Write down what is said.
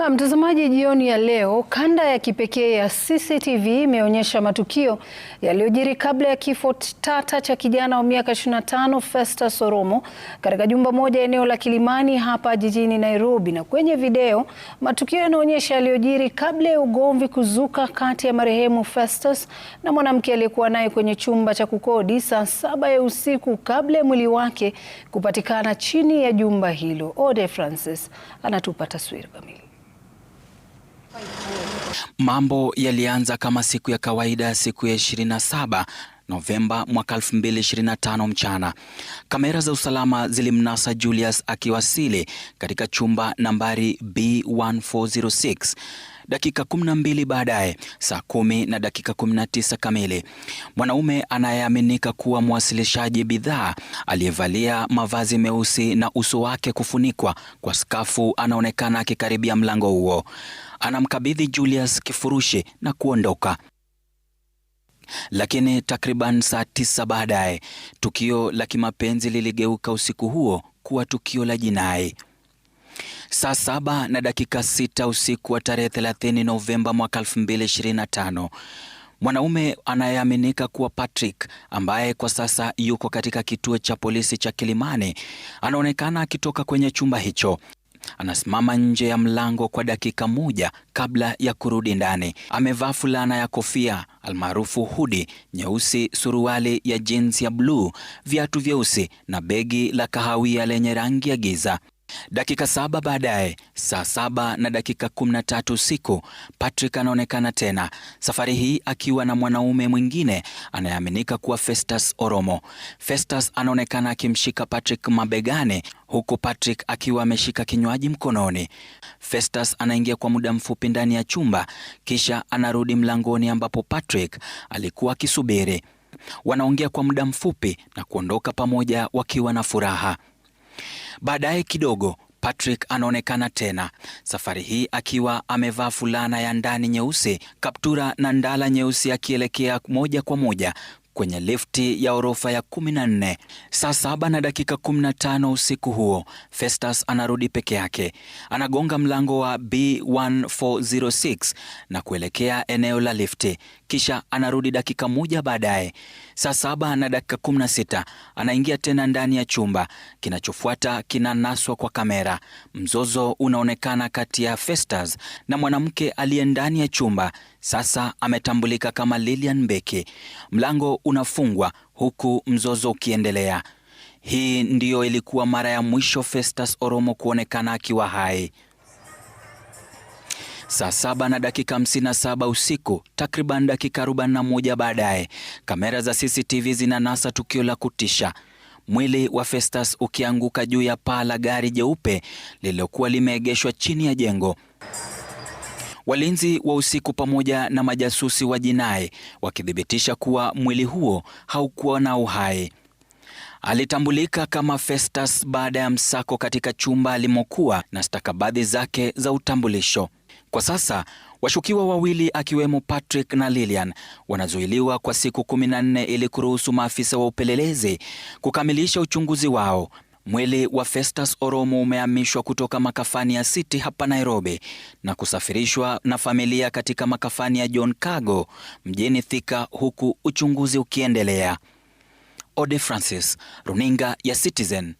Na mtazamaji, jioni ya leo, kanda ya kipekee ya CCTV imeonyesha matukio yaliyojiri kabla ya kifo tata cha kijana wa miaka 25 Festus Oromo katika jumba moja eneo la Kilimani hapa jijini Nairobi. Na kwenye video, matukio yanaonyesha yaliyojiri kabla ya ugomvi kuzuka kati ya marehemu Festus na mwanamke aliyekuwa naye kwenye chumba cha kukodi saa saba ya usiku kabla ya mwili wake kupatikana chini ya jumba hilo. Ode Francis anatupa taswira kamili. Mambo yalianza kama siku ya kawaida siku ya 27 Novemba mwaka 2025 mchana. Kamera za usalama zilimnasa Julius akiwasili katika chumba nambari B1406 dakika 12 baadaye, saa kumi na dakika 19 kamili, mwanaume anayeaminika kuwa mwasilishaji bidhaa aliyevalia mavazi meusi na uso wake kufunikwa kwa skafu anaonekana akikaribia mlango huo. Anamkabidhi Julius kifurushi na kuondoka. Lakini takriban saa tisa baadaye, tukio la kimapenzi liligeuka usiku huo kuwa tukio la jinai. Saa saba na dakika sita usiku wa tarehe 30 Novemba mwaka 2025 mwanaume anayeaminika kuwa Patrick ambaye kwa sasa yuko katika kituo cha polisi cha Kilimani anaonekana akitoka kwenye chumba hicho. Anasimama nje ya mlango kwa dakika moja kabla ya kurudi ndani. Amevaa fulana ya kofia almaarufu hudi nyeusi, suruali ya jeans ya bluu, viatu vyeusi na begi la kahawia lenye rangi ya giza. Dakika saba baadaye, saa saba na dakika na tatu usiku, Patrick anaonekana tena, safari hii akiwa na mwanaume mwingine anayeaminika kuwa Festus Oromo. Festus anaonekana akimshika Patrick mabegani huku Patrick akiwa ameshika kinywaji mkononi. Festus anaingia kwa muda mfupi ndani ya chumba kisha anarudi mlangoni ambapo Patrick alikuwa akisubiri. Wanaongea kwa muda mfupi na kuondoka pamoja wakiwa na furaha. Baadaye kidogo Patrick anaonekana tena, safari hii akiwa amevaa fulana ya ndani nyeusi, kaptura na ndala nyeusi, akielekea moja kwa moja kwenye lifti ya orofa ya 14. Saa saba na dakika 15 usiku huo, Festus anarudi peke yake. Anagonga mlango wa B1406 na kuelekea eneo la lifti kisha anarudi dakika moja baadaye, saa saba na dakika kumi na sita anaingia tena ndani ya chumba. Kinachofuata kinanaswa kwa kamera. Mzozo unaonekana kati ya Festus na mwanamke aliye ndani ya chumba, sasa ametambulika kama Lilian Mbeki. Mlango unafungwa huku mzozo ukiendelea. Hii ndiyo ilikuwa mara ya mwisho Festus Oromo kuonekana akiwa hai. Saa saba na dakika 57 usiku, takriban dakika 41 baadaye, kamera za CCTV zinanasa tukio la kutisha, mwili wa Festus ukianguka juu ya paa la gari jeupe lililokuwa limeegeshwa chini ya jengo. Walinzi wa usiku pamoja na majasusi wa jinai wakithibitisha kuwa mwili huo haukuwa na uhai. Alitambulika kama Festus baada ya msako katika chumba alimokuwa na stakabadhi zake za utambulisho. Kwa sasa washukiwa wawili akiwemo Patrick na Lilian wanazuiliwa kwa siku 14 ili kuruhusu maafisa wa upelelezi kukamilisha uchunguzi wao. Mwili wa Festus Oromo umehamishwa kutoka makafani ya City hapa Nairobi na kusafirishwa na familia katika makafani ya John Kago mjini Thika huku uchunguzi ukiendelea. Ode Francis, Runinga ya Citizen.